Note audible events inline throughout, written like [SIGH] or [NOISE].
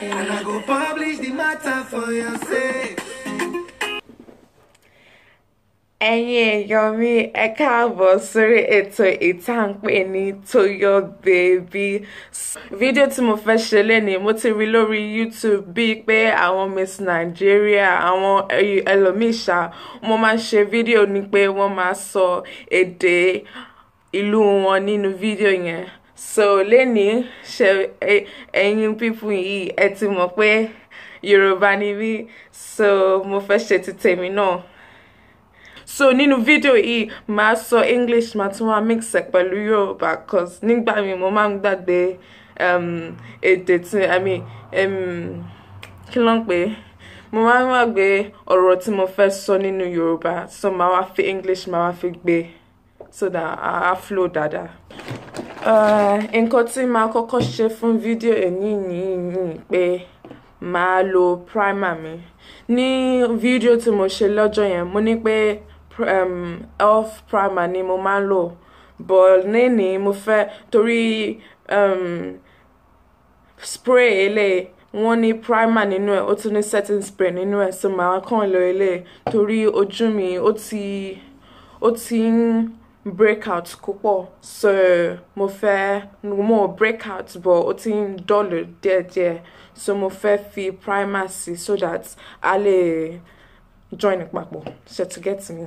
And I go publish the matter for yourself. ẹ̀yin èèyàn mi ẹ káàbọ̀ sórí ètò ìtànpé ní Toyo Baby fídíò tí mo fẹ́ ṣe lẹ́nìí mo ti rí lórí YouTube bíi pé àwọn Miss Nigeria àwọn ẹlòmíṣà mo máa ń ṣe fídíò ni pé wọ́n máa sọ èdè ìlú wọn nínú fídíò yẹn so lẹ́nìí ṣe ẹ̀yin pípù yìí ẹ ti mọ̀ pé Yorùbá ni mí so mo fẹ́ ṣe ti tèmi náà so nínú fídíò yìí màá sọ English màá tún wá mix ẹ̀ pẹ̀lú Yorùbá cause nígbà mi mo máa ń gbàgbé um, èdè tí i mean um, kí ló ń pè é mo máa ń gbàgbé ọ̀rọ̀ tí mo fẹ́ sọ nínú Yorùbá so màá wá fi English màá wá fi gbé so that àá flow dada. Eh, nǹkan tí màá kọ́kọ́ ṣe fún fídíò èyí nìyí ni pé màá lo primer mi ní fídíò tí mo ṣe lọ́jọ́ yẹn mo ní pé um, elf primer ni mo máa ń lò but níní mo fẹ́ torí um, spray eléyìí wọ́n ní primer nínú ẹ̀ ó tún ní setting spray nínú ẹ̀ so màá kàn lo eléyìí torí ojú mi ó ti ó ti ń breakout kó so mo fẹ́ mo breakout but ó ti ń dọ̀lù díẹ̀díẹ̀ so mo fẹ́ fi primer sí so that a lè join papọ̀ so to get me.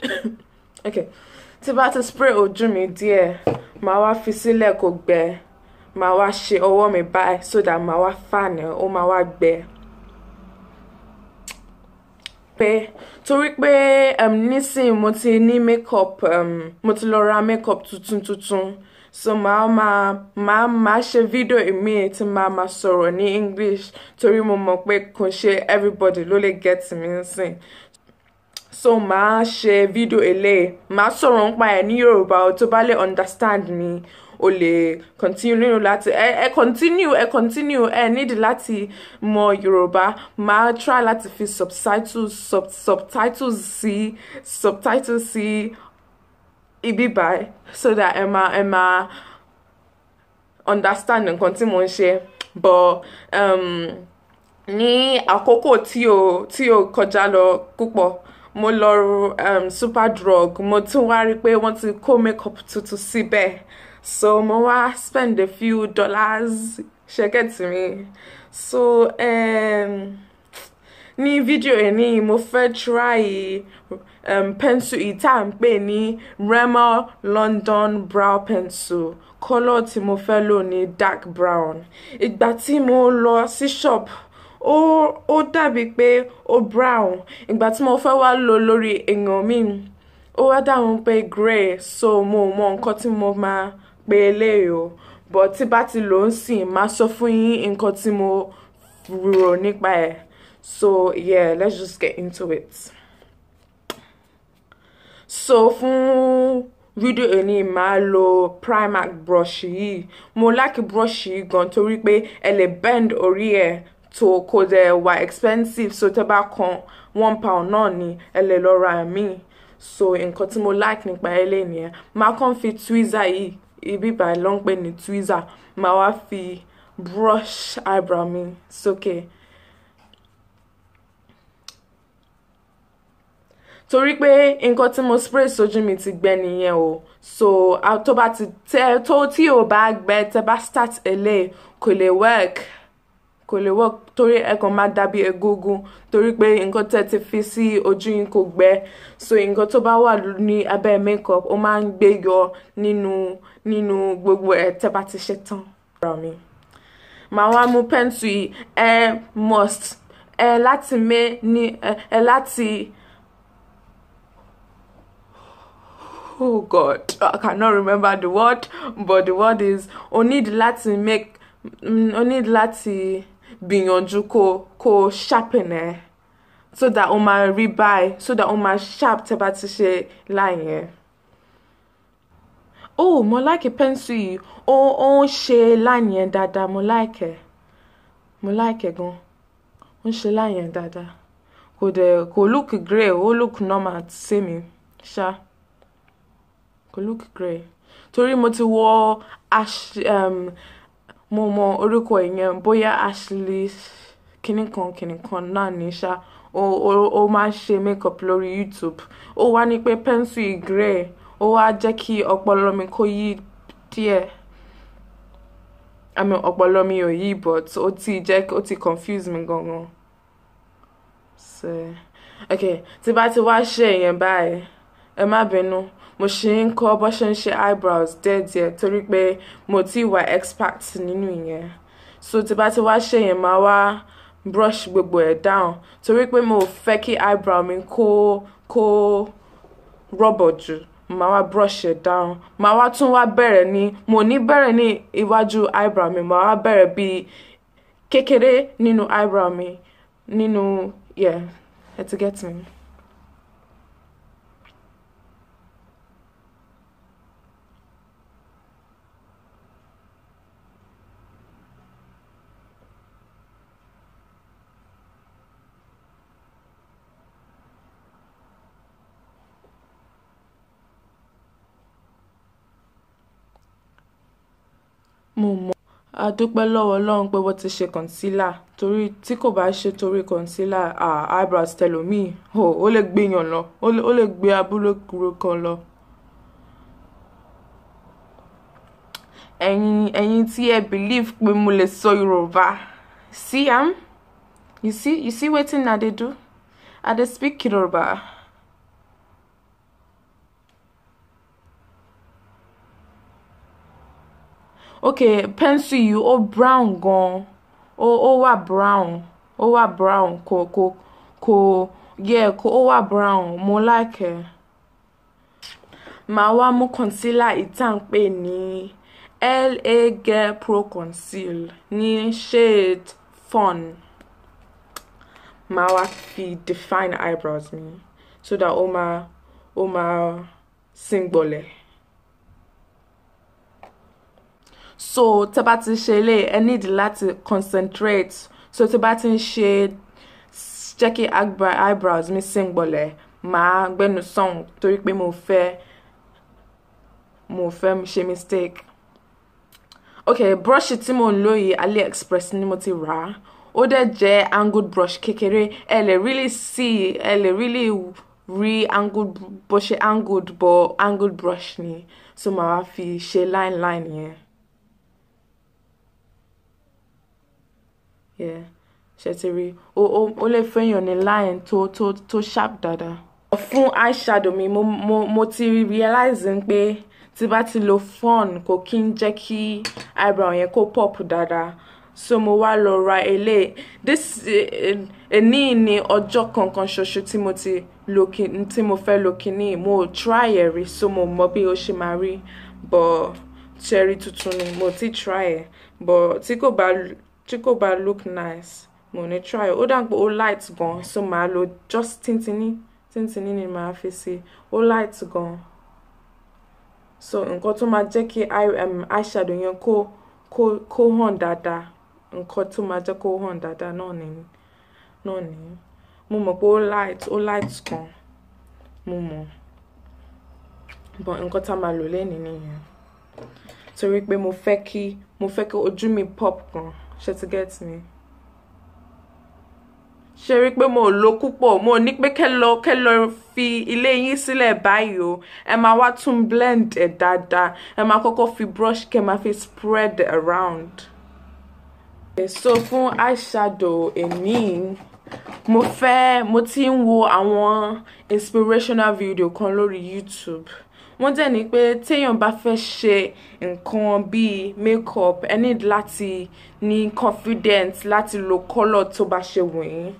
[COUGHS] okay tí bá ti spray oju mi díẹ̀ màá wá fi sílẹ̀ kó gbẹ màá wá ṣe ọwọ́ mi báyìí so that màá wá fàánì ó màá wá gbẹ pé torí pé um, nísìnyí mo ti ní makeup um, mo ti lọ ra makeup tuntun tuntun so màá máa màá máa ṣe fídíò èmi tí màá máa sọ̀rọ̀ ní English torí mo mọ̀ pé kò ṣe everybody ló lè get mi nísìn so màá ṣe fídíò eléyìí màá sọ̀rọ̀ nípa ẹ̀ ní Yorùbá o tó bá lè understand mi o lè continue láti ẹ ẹ continue ẹ continue ẹ need láti mọ yorùbá máa try láti fi subtitles sub subtitles sí subtitles sí ibi báyìí so that ẹ máa ẹ máa understand nǹkan tí mo ń ṣe but um, ní àkókò tí o tí o kọjá lọ púpọ̀ mo lọ um, Superdrug mo tún wá rí i pé wọ́n ti kó makeup tuntun síbẹ̀. Si so mo wá spend a few dollars ṣe get me so um, ní video ẹni mo fẹ́ try um, pencil yìí tá à Rimmel London brow pencil color tí mo fẹ́ lò ní dark brown ìgbà tí mo lọ si shop O o dàbí pe o brown ìgbà tí mo fẹ́ wa lò lori èèyàn mi ó wá dáhùn pé grey so mo mo nǹkan tí mo ma pé eléyìí o bọ̀ tí bá ti lò ń sìn máa sọ fún yín nǹkan tí mo rò nípa ẹ̀ so yeah let's just get into it. so fún fídíò ẹni máa lo Primark brush yìí mo like brush yìí gan torí pé ẹ lè bend orí ẹ̀ tó kò dẹ̀ wà expensive so tẹ́ bá kan one pound náà ni ẹ lè lọ ra míì so nǹkan tí mo like nípa ẹ̀ lè nìyẹn máa kàn fi tweezer yìí ibi báyìí ló ń pè ní tweezer màá wá fi brush eyebrow mi sókè. torí pé nǹkan tí mo spray sójú mi ti gbẹ nìyẹn o so tó bá ti tẹ tó tí ò bá gbẹ tẹ bá start eléyìí kò lè work kò lè work torí ẹ kàn máa dàbí egungun torí pé nǹkan tẹ́ ti fi sí ojú yín kò gbẹ so nǹkan tó bá wà ní abẹ́ makeup ó máa ń gbé yọ nínú nínú gbogbo ẹ̀ tẹ́ bá ti ṣe tán. màá wá mú pẹ́ǹtù yìí ẹ must ẹ láti mé ní ẹ láti. oh god i cannot remember the word but the word is o need láti make o need láti gbìyànjú kó kó sharpen ẹ so that o máa rí báyìí so that o máa sharp tẹ́ bá ti ṣe line yẹn. oh mo like pencil yìí ó ó ń ṣe line yẹn dáadáa mo like ẹ mo like gan ó ń ṣe line yẹn dáadáa kò dẹ̀ kò look grey ó look normal sí mi ṣá kò look grey torí mo ti wọ ash. Um, mo mọ orúkọ ìyẹn bóyá Ashley kìnìkan kìnìkan náà ní ṣá o o o máa ń ṣe makeup lórí YouTube ó wá ní pé pencil grey ó wá jẹ́ kí ọpọlọ mi kó yí díẹ̀ àmì ọpọlọ mi ò yí but ó ti jẹ́ ó ti confuse mi gangan so ok tí bá ti wá ṣe ìyẹn báyìí ẹ má bínú mo ṣì ń kọ́ bó ṣe ń ṣe eyebrows díẹ̀díẹ̀ torí pé mo ti wà expert nínú ìyẹn so tí bá ti wá ṣe yẹn máa wá brush gbogbo ẹ̀ down torí pé mo fẹ́ kí eyebrow mi kó kó rọ́bọ̀ jù màá wá brush ẹ̀ down màá wá tún wá bẹ̀rẹ̀ ní mo ní bẹ̀rẹ̀ ní iwájú eyebrow mi màá wá bẹ̀rẹ̀ bíi kékeré nínú eyebrow mi nínú yeah ẹ ti get me. mo mọ̀ á dúpẹ́ lọ́wọ́ ọlọ́run pé wọ́n ti ṣe kọ̀ǹsílà torí tí kò bá ṣe torí kọ̀ǹsílà eyebrows tẹlòmíì ó lè gbé yàn lọ ó lè gbé abúlé kúrò kan lọ. ẹ̀yin ẹ̀yin tí ẹ believe pé mo lè sọ Yorùbá see am um, you see you see wetin I dey do I dey speak Yorùbá. okay pencil yìí ó brown gan-an ó ó wà brown ó wà brown kò kò kò yeah kò ó wà brown mo like ẹ. E. màá wá mú concealer ìtànpé ní LA Girl Pro Conceal ní shade fun màá wá fi define eyebrows mi so that ó máa ó máa síngbọ̀lẹ̀. so tẹ́ bá ti ṣe ilé ẹ need láti concentrate so tẹ́ bá ti ń ṣe jẹ́ kí eyebrows mi sì ń gbọ̀lẹ̀ màá gbẹ́nu sàn torí pé mo fẹ́ mo fẹ́ ṣe mistake ok brush tí mo lò yìí AliExpress ni mo ti rà á ó dẹ̀ jẹ́ angled brush kékeré ẹ lè really see ẹ lè really rí angled bó ṣe angled bó angled brush ni so màá fi ṣe line line yẹn. Yeah. yeah ṣètìrí o o o lè fẹ́yàn ní line tó tó tó sharp dáadáa. fún eyeshadow mi mo mo mo ti realize pé tí bá ti lo fun kò kí ń jẹ́ kí eyebrow yẹn kó pop dáadáa so mo wá lọ ra ele. this èní eh, eh, ni ọjọ́ kankan ṣoṣo tí mo ti lo kíní tí mo fẹ́ lo kíní mo try ẹ̀ rí so mo mọ bí ó ṣe máa rí but cherry tuntun ni mo ti try ẹ̀ but tí kò bá tí kò look nice mo ní try ó dà pé ó light gan so màá lo just tintini, tintini. ni màá fi sí ó light gan so nǹkan tó máa jẹ́ kí um, eyeshadow yẹn ko kó kó hàn dáadáa nǹkan tó máa jẹ́ kó hàn dáadáa náà ni náà ni mo mọ̀ pé ó light ó light gan mo mọ̀ but nǹkan tá a máa lò lẹ́nìí nìyẹn torí pé mo fẹ́ kí mo fẹ́ kí ojú mi pop gan ṣe ti get me ṣe rí i pé mo lo púpọ̀ mo ní pé kẹ́ lọ fi ilé yín sílẹ̀ báyìí o ẹ máa wá tún blend ẹ̀ dáadáa ẹ máa kọ́kọ́ fi brush kẹ́ máa fi spread around. so fún eyeshadow èmi mo fẹ́ mo ti ń wo àwọn inspirational video kan lórí YouTube wọ́n dẹ̀ ní pé téèyàn bá fẹ́ ṣe nǹkan bíi makeup ẹ need láti ní confidence láti lo colour tó bá ṣe wù yín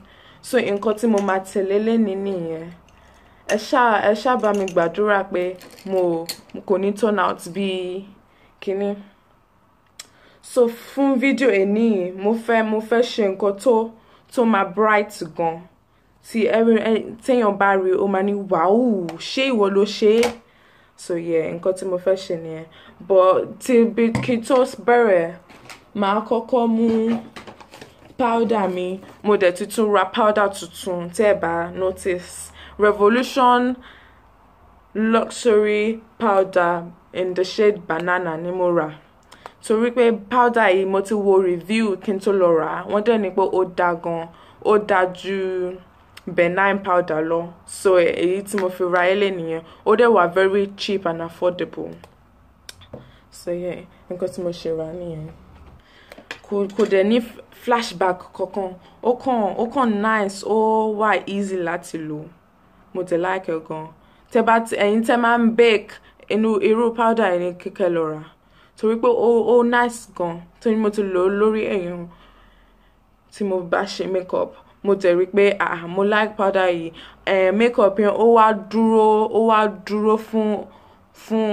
so nǹkan tí mo máa tẹ̀lé lẹ́ni nìyẹn ẹ ṣáà ẹ ṣáà bá mi gbàdúrà pé mo kò ní turn out bíi kínní so fún fídíò ẹni mo fẹ́ mo fẹ́ ṣe nǹkan tó tó máa bright gan tí téèyàn bá rí o máa ní wàhù ṣé ìwọ ló ṣe é so yeah nǹkan tí mo fẹ́ ṣe nìyẹn but ti bí kí n tó bẹ̀rẹ̀ màá kọ́kọ́ mú powder mi mo dẹ̀ tuntun ra powder tuntun tẹ́ ẹ bá notice revolution luxury powder in the shade banana ni mo ra. torí pé powder yìí mo ti wo review kí n tó lọ rà wọ́n dẹ̀ ní pé ó da gan ó da jù benign powder lọ so e, èyí tí mo fi ra ilé nìyẹn ó dẹ̀ wà very cheap and affordable so yeah nǹkan tí mo ṣe rà nìyẹn kò kò dẹ̀ ní flashback kankan o kàn ó kàn nice o wa easy láti lò mo tẹ̀ like ẹ̀ gan tẹ́ bá ẹ̀yin tẹ́ máa ń bake inu iru powder ẹni kíkẹ́ lọ rà torí pé ó ó nice gan torí mo ti lò ó lórí ẹ̀yìn mo bá ṣe makeup mo tẹ̀ rí pé ah, ah mo like powder yìí eh, makeup yẹn ó wá dúró ó wá dúró fún fún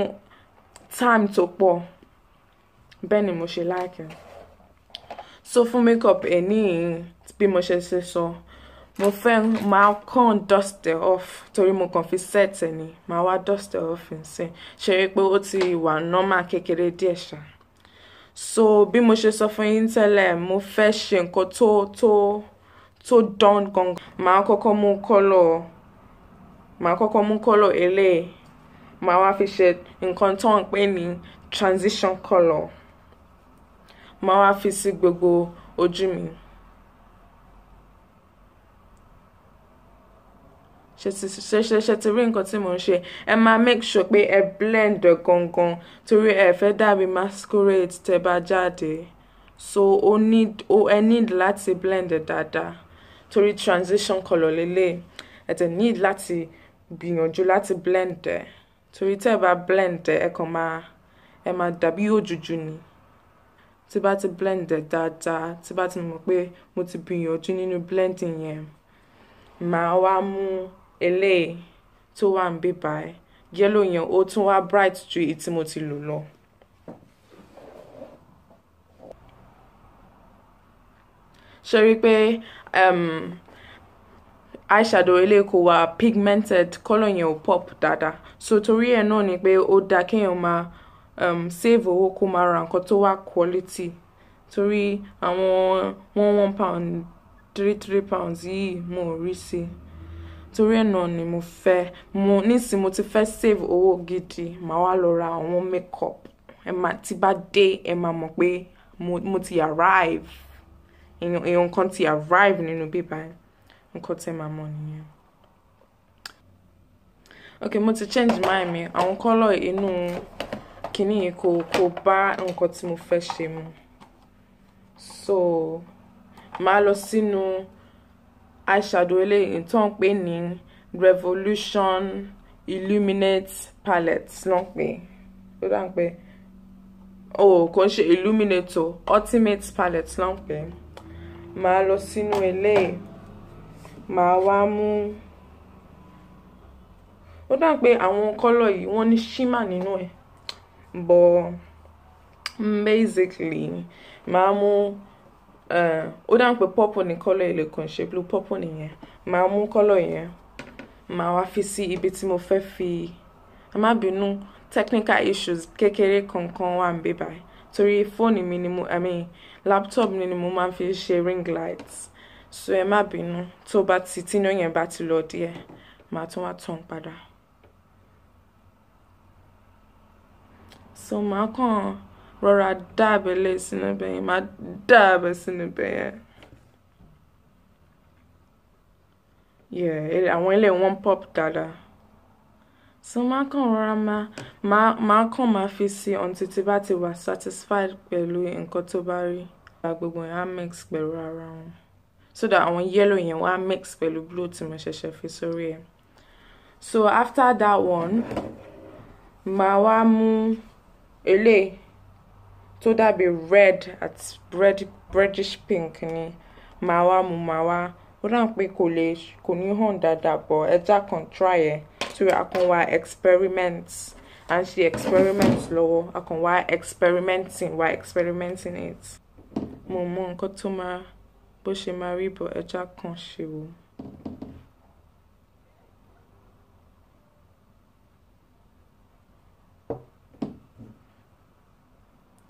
time tó pọ̀ bẹ́ẹ̀ ni mo ṣe like ẹ̀ so fún makeup ẹ̀ ní bí mo ṣe ṣe sọ mo fẹ́ máa kàn dust it off torí mo kàn fi set ẹ̀ ni máa wá dust it off nsìn ṣe rí pé ó ti wà normal kékeré díẹ̀ ṣáà so bí mo ṣe sọ fún yín tẹ́lẹ̀ mo fẹ́ ṣe nǹkan tó tó tó dán gan màá kọ́kọ́ mú kọ́lọ̀ màá kọ́kọ́ mú kọ́lọ̀ eléyìí màá wá fi ṣe nǹkan tó ń pè ní transition colour màá wá fi sí gbogbo ojú mi. ṣe ti rí nǹkan tí mò ń ṣe ẹ máa make sure pé ẹ blend gangan torí ẹ fẹ́ dàbí masquerade tẹ́ bá jáde so o need o ẹ need láti blend dáadáa torí transition colour lele, ẹ tẹ̀ need láti gbìyànjú láti blend ẹ̀ torí tẹ́ bá blend ẹ̀ ẹ kàn máa ẹ máa dàbí òjòjò ni tí bá ti blend ẹ̀ dáadáa tí bá ti mọ̀ pé mo ti gbìyànjú nínú blending yẹn màá wá mú eléyìí tó wà ń bíbáyìí yẹ́lò yẹn ó tún wá bright ju èyí tí mo ti lò lọ. ṣe rí pé um, eyeshadow ilé kò wà pigmented colour yẹn ò pop dada. so tori ẹ̀ náà ni pe o dáa kéèyàn máa um, save owó kó máa ra nǹkan tó wà quality Tori àwọn one one pound three three pounds yìí mo rí sí torí ẹ̀ náà ni mo fẹ́ mo nísìnyí mo ti fẹ́ save owó gidi màá wá lọ ra àwọn makeup ẹ máa ti bá dé ẹ máa mọ̀ pé mo ti arrive èèyàn nǹkan ti arrive nínú bíbá nǹkan tẹ́ máa money. nìyẹn. ok mo ti change mind mi àwọn kọ́lọ̀ inú kìíní yìí kò kò bá nǹkan tí mo fẹ́ ṣe mu so màá lọ sínú eyeshadow eléyìí tó ń pè ní revolution illuminate palette ló ń pè ó dá ń pè ó oh, ultimate palette ló ń pè é màá lọ sínú eléyìí màá wá mú ó dà pé àwọn kọ́lọ̀ yìí wọ́n ní shimmer nínú ẹ̀ but basically màá mú eh, ó dà pé purple ní kọ́lọ̀ yìí lè kàn ṣe blue purple nìyẹn màá mú kọ́lọ̀ yẹn màá wá fi sí ibi tí mo fẹ́ fi ẹ technical issues kékeré kankan wà ń bẹ torí fóònù mi ni mo i mean laptop mi ni mo máa ń fi ṣe ring light so ẹ má bínú tó bá ti tíná yẹn bá ti lọ díẹ̀ màá tún wá tàn padà. so màá kàn rọra dá abẹ́lé e sínú bẹ́yẹn màá dá abẹ́ sínú bẹ́yẹn. yeah àwọn ilé wọn pop dáadáa. So máa kàn rọra máa máa kàn máa fi sí until tí bá ti wà satisfied pẹ̀lú nǹkan tó bá rí ìgbà gbogbo yẹn á mix pẹ̀lú ara wọn so that àwọn yellow yẹn wá mix pẹ̀lú blue tí mo ṣẹ̀ṣẹ̀ fi sórí ẹ̀ so after that one màá wá mú eléyìí tó dàbí red at red reddish pink ni màá wá mú màá wá ó dà pé kò lè kò ní hàn dáadáa bọ̀ ẹja kan try ẹ̀ software akọwa experiments and ṣe experiment lọ́wọ́ akọwa experimenting wa experimenting it mo mọ nǹkan tó máa bó ṣe máa rí bọ ẹja kan ṣe wò.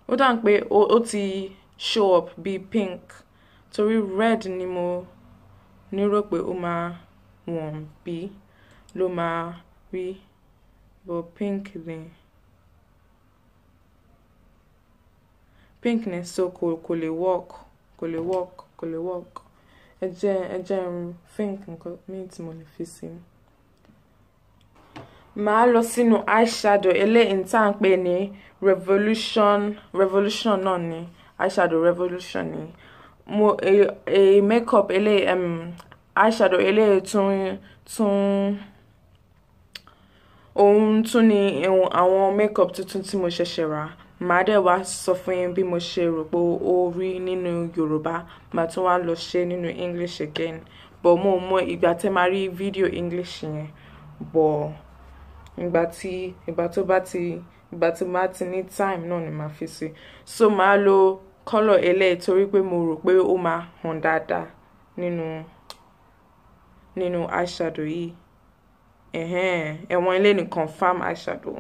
ó dàn pé ó ti show up bí pink torí red ni mo nírò pé ó máa wọ̀n bí ló máa rí but pink ni pink ni so kò kò lè work kò lè work kò lè work ẹ jẹ́ ẹ jẹ́ n think nǹkan míì tí mo lè fi sí i màá lọ sínú eyeshadow eléyìí tá à ń pè ní revolution revolution náà ni eyeshadow revolution ni mo e e makeup eléyìí um, eyeshadow eléyìí tún tún òun tún ni àwọn makeup tuntun tí mo ṣẹ̀ṣẹ̀ rà màá dẹ̀ wá sọ fún yín bí mo ṣe rò pé ó rí nínú yorùbá màá tún wá lọ ṣe nínú english again but mo mọ ìgbà tẹ́ máa rí fídíò english yẹn but ìgbà tí ìgbà tó bá ti ìgbà tí màá ti ní time náà ni màá fi sí so màá lo kọ́lọ̀ eléyìí torí pé mo rò pé ó máa hàn dáadáa nínú nínú eyeshadow yìí ẹ̀wọ̀n ilé ni confam eyeshadow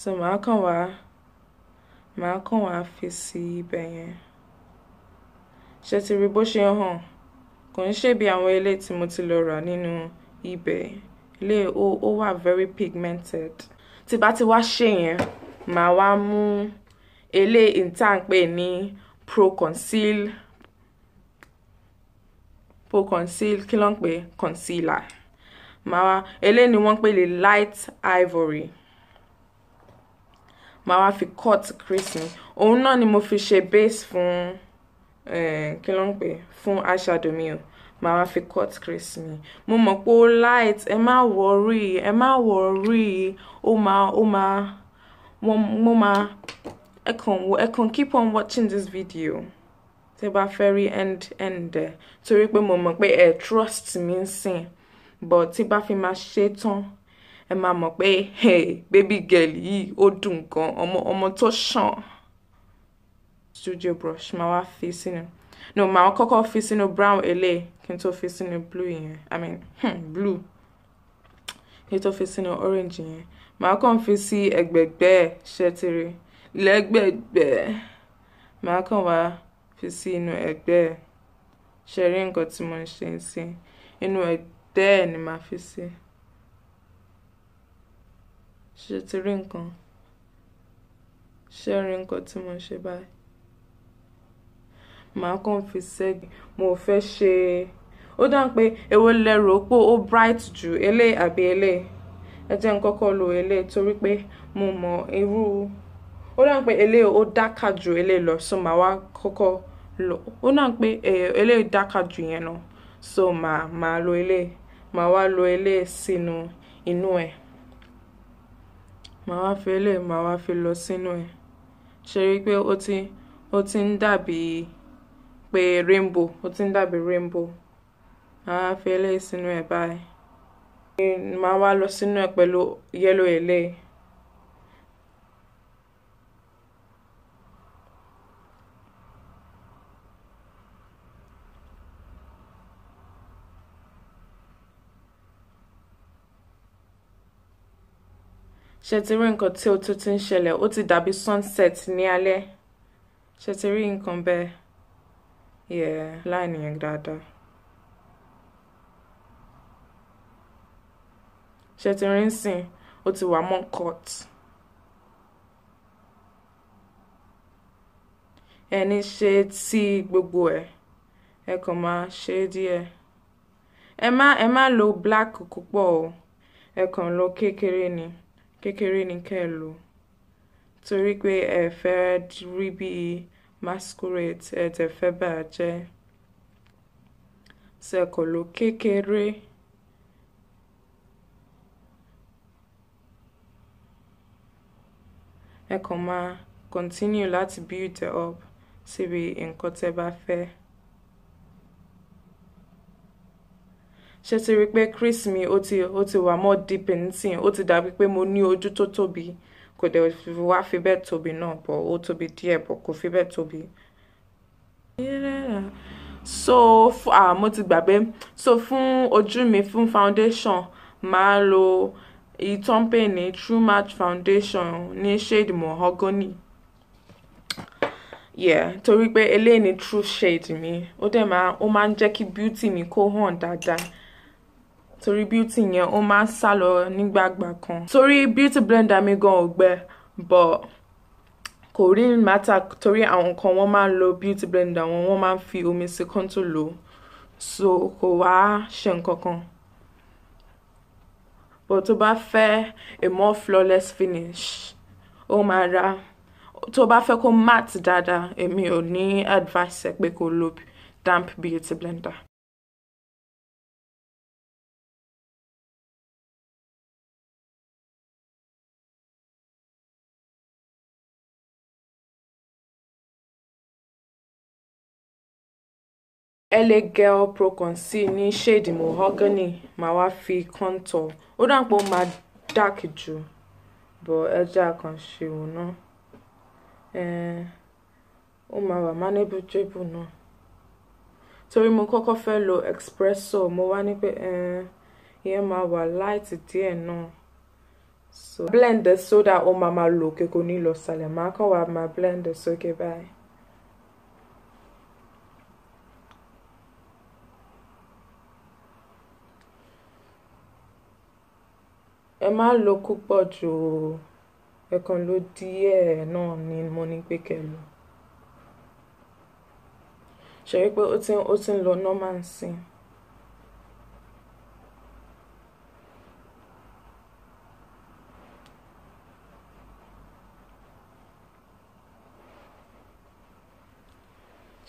so màá kàn wá màá kàn wá fi sí ibẹ̀ yẹn ṣe ti rí bó ṣe hàn kò ń ṣe bí àwọn ilé tí mo ti lọ rà nínú ibẹ̀ ilé ó ó wà very pigmented tí bá ti wá ṣe yẹn màá wá mú ilé ìtànpé ní pro conceal po conceal kí ló ń concealer màá wá eléyìí ni wọ́n pè light ivory màá wá fi cut crease mi òun náà ni mo fi ṣe base fún eh, kí ló ń pè fún eyeshadow mi o màá wá fi cut crease mi mo mọ̀ light ẹ má wọrí ẹ má wọrí ó máa ó máa mo máa ẹ kàn ẹ kàn keep on watching this video tẹ́ bá fẹ́ rí end end ẹ̀ torí pé mo mọ̀ pé ẹ eh, trust mi ń sìn but tí bá fi máa ṣe tán ẹ máa mọ̀ pé hey baby girl yìí ó dùn gan ọmọ ọmọ tó ṣàn studio brush máa wá fi sínú no máa kọ́kọ́ fi sínú brown eléyìí kí n tó fi sínú blue yẹn i mean hmm, blue kí n tó fi sínú orange yẹn màá kàn fi sí ẹ̀gbẹ̀gbẹ́ ṣẹtiri lẹ́gbẹ̀gbẹ́ màá kàn wá fi sí inú ẹ̀gbẹ́ ẹ̀ ṣe rí nǹkan tí mo ń ṣe ń sìn inú ẹ̀gbẹ́ ẹ̀ ni màá fi sí ṣe ti rí nǹkan ṣe rí nǹkan tí mo ń ṣe báyìí màá kàn fi sẹ́gi mo fẹ́ ṣe ó dáhùn pé èwo lẹ rò pé ó bright jù eléyìí àbí eléyìí ẹ jẹ́ n kọ́kọ́ lo eléyìí torí pé mo mọ irú. ó dáhùn pé eléyìí ó dákà ju lọ so màá wá kọ́kọ́ lọ ó náà pé eléyìí dákà ju lọ so màá màá lo eléyìí màá wá lo eléyìí sínú inú e. màá wá fi eléyìí màá wá fi lọ sínú ẹ̀ ṣe rí i ti ó ti ń rainbow ó ti ń dàbí rainbow màá wá fi eléyìí sínú ẹ̀ báyìí màá wá lọ sínú ẹ̀ pẹ̀lú yellow eléyìí. ṣe ti rí nǹkan tí òtútù ti ń ṣẹlẹ̀ ó ti dàbí sunset ní alẹ́ ṣe ti rí nǹkan bẹ́ẹ̀ yẹ láìní yẹn dáadáa. ṣe ti rí nsìn ó ti wà mọ́ court. ẹni ṣe ti gbogbo ẹ̀ ẹ kàn máa ṣe é ẹ má ẹ má lo black púpọ̀ o ẹ kàn lo kékeré ni kékeré ni kẹ́ ẹ lò torí pé ẹ fẹ́ rí bí masquerade ẹ tẹ̀ fẹ́ bà á jẹ́ sẹ́kọ̀ló kékeré. ẹ kàn máa continue láti build up síbi nǹkan tẹ́ bá fẹ́. ṣe ti rí pé crease mi ó ti ó ti wà more deep in sin ó ti dàbí pé mo ní ojú tó tóbi kò dẹ̀ wá fi bẹ́ẹ̀ tóbi náà bọ̀ ó tóbi díẹ̀ bọ̀ kò fi bẹ́ẹ̀ tóbi. so uh, mo ti gbàgbé so fún ojú mi fún foundation màá lo ìtọ́npẹ̀ ní True Match foundation ní shade mahogany yeah torí pé eléyìí ni true shade mi ó dẹ̀ máa ó máa ń jẹ́ kí beauty mi kó hàn dáadáa torí beauty yẹn ó máa ń sálọ nígbàgbà kan torí beauty blender mi gan ò gbẹ but kò really matter torí àwọn kan wọ́n máa ń lo beauty blender wọn wọ́n máa ń fi omi sí contour lò so kò wá ṣe nǹkan but tó bá fẹ́ a more flawless finish ó máa ra tó bá fẹ́ kó matte dáadáa èmi ò ní advice ẹ pé kó lo damp beauty blender. LA Girl Pro Conceal ní shade mahogany màá wá fi contour ó dà pé ó máa dark jù bọ̀ ẹja kan ṣe òun náà ó máa wà manageable náà torí mo kọ́kọ́ fẹ́ lo espresso mo wá ní pé ìyẹn máa wà light díẹ̀ náà so blend the soda ó máa máa lò kéko ní lọ máa kàn wá máa blend the sókè báyìí. ẹ má lo púpọ̀ ju o ẹ̀kan ló díẹ̀ náà ni mo ní pé kẹ́ lò ṣe wípé ó ti ó ti ń lọ normal sí i.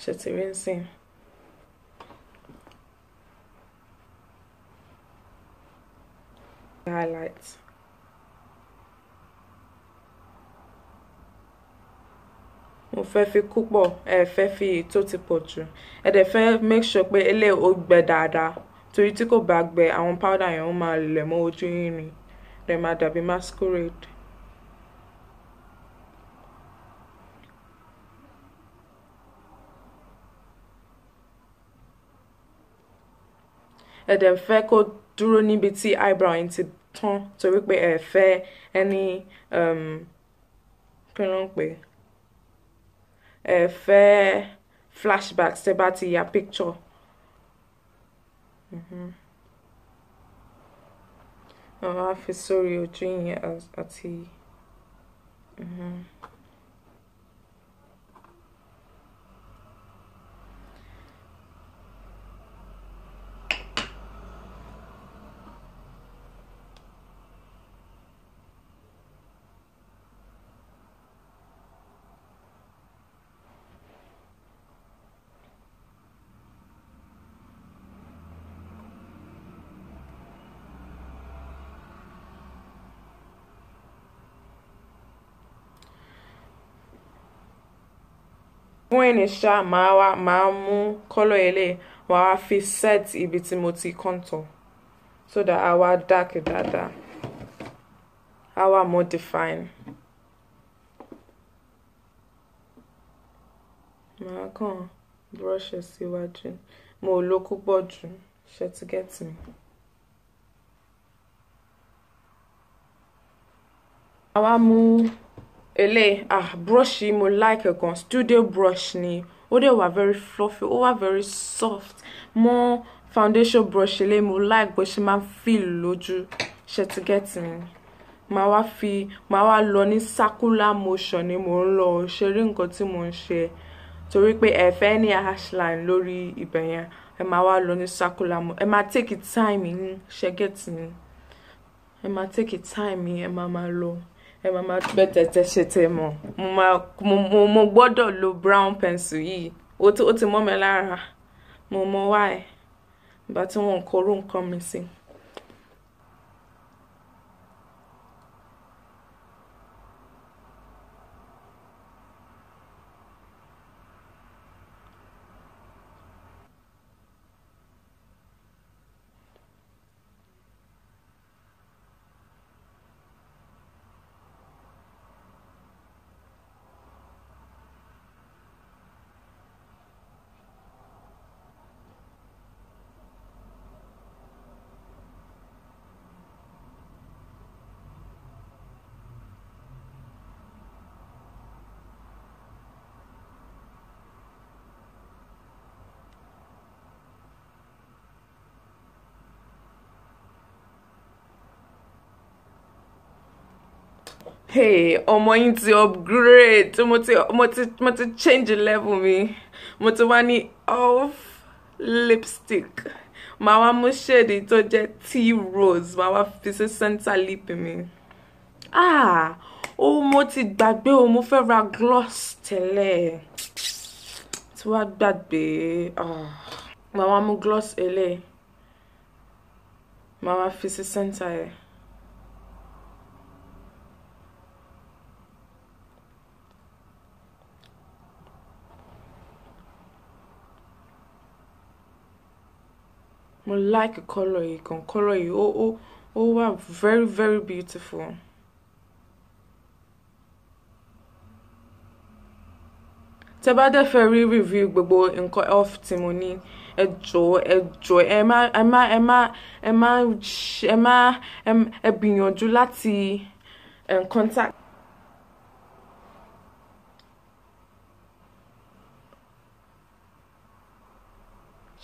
ṣe ti highlights. mo fẹ́ fi púpọ̀ ẹ fẹ́ fi tó ti pọ̀ jù ẹ dẹ̀ fẹ́ make sure pé ilé ò gbẹ dáadáa torí tí kò bá gbẹ àwọn powder yẹn ó máa lẹ̀ mọ́ ojú yín ni rẹ̀ máa dàbí masquerade. ẹ dẹ̀ fẹ́ kó dúró níbi tí eyebrow yín ti tán torí pé ẹ fẹ́ ẹni um, kí ló ń pè ẹ fẹ́ flashback tẹ bá ti ya picture. Mm-hmm àwọn afi sórí ojú yẹn àti. Mm-hmm. Fún màá wá màá mú colour eléyìí màá wá fi set ibi tí mo ti contour so that a wá dark dáadáa a wá more define. màá kàn brush ẹ̀ síwájú mo ò lo púpọ̀ jù ṣe ti get me. mú eléyìí ah brush yìí mo like gan studio brush ni ó dẹ̀ wà very fluffy ó wà very soft mọ́ foundation brush eléyìí mo like bó ṣe máa feel lójú ṣe ti get me màá wá fi màá wá lọ ní circular motion ni mo ń lọ ṣe rí nǹkan tí mo ń ṣe torí pé ẹ fẹ́ ní ashline lórí ibẹ̀ yẹn ẹ máa wá lọ ní circular motion ẹ máa take time yín ṣe get me ẹ máa take time yín ẹ máa máa lọ ẹ máa máa bẹ tẹ̀tẹ̀ ṣe tẹ̀ mọ̀ mo mo gbọ́dọ̀ lo brown pencil yìí ó ti mọ́ mi lára mo mọ wá ẹ̀ ìgbà tí wọ́n ń nǹkan mi sí hey ọmọ yín ti upgrade I'm ti to change the level me. mo ti wá off lipstick My wá mú it to jẹ́ tea rose My wá fi sí center lip me. ah oh, mo ti gbàgbé be. mo fẹ́ ra gloss It's what wàá be. màá my mú gloss eléyìí My wá fi sí center yẹn. mo like colour yìí gan colour yìí ó ó ó wà very very beautiful. tẹ bá dẹ̀ fẹ́ rí review gbogbo nǹkan elf tí mo ní ẹ jọ̀ọ́ ẹ jọ̀ọ́ ẹ má ẹ má ẹ má ẹ má ẹ má ẹ gbìyànjú láti contact.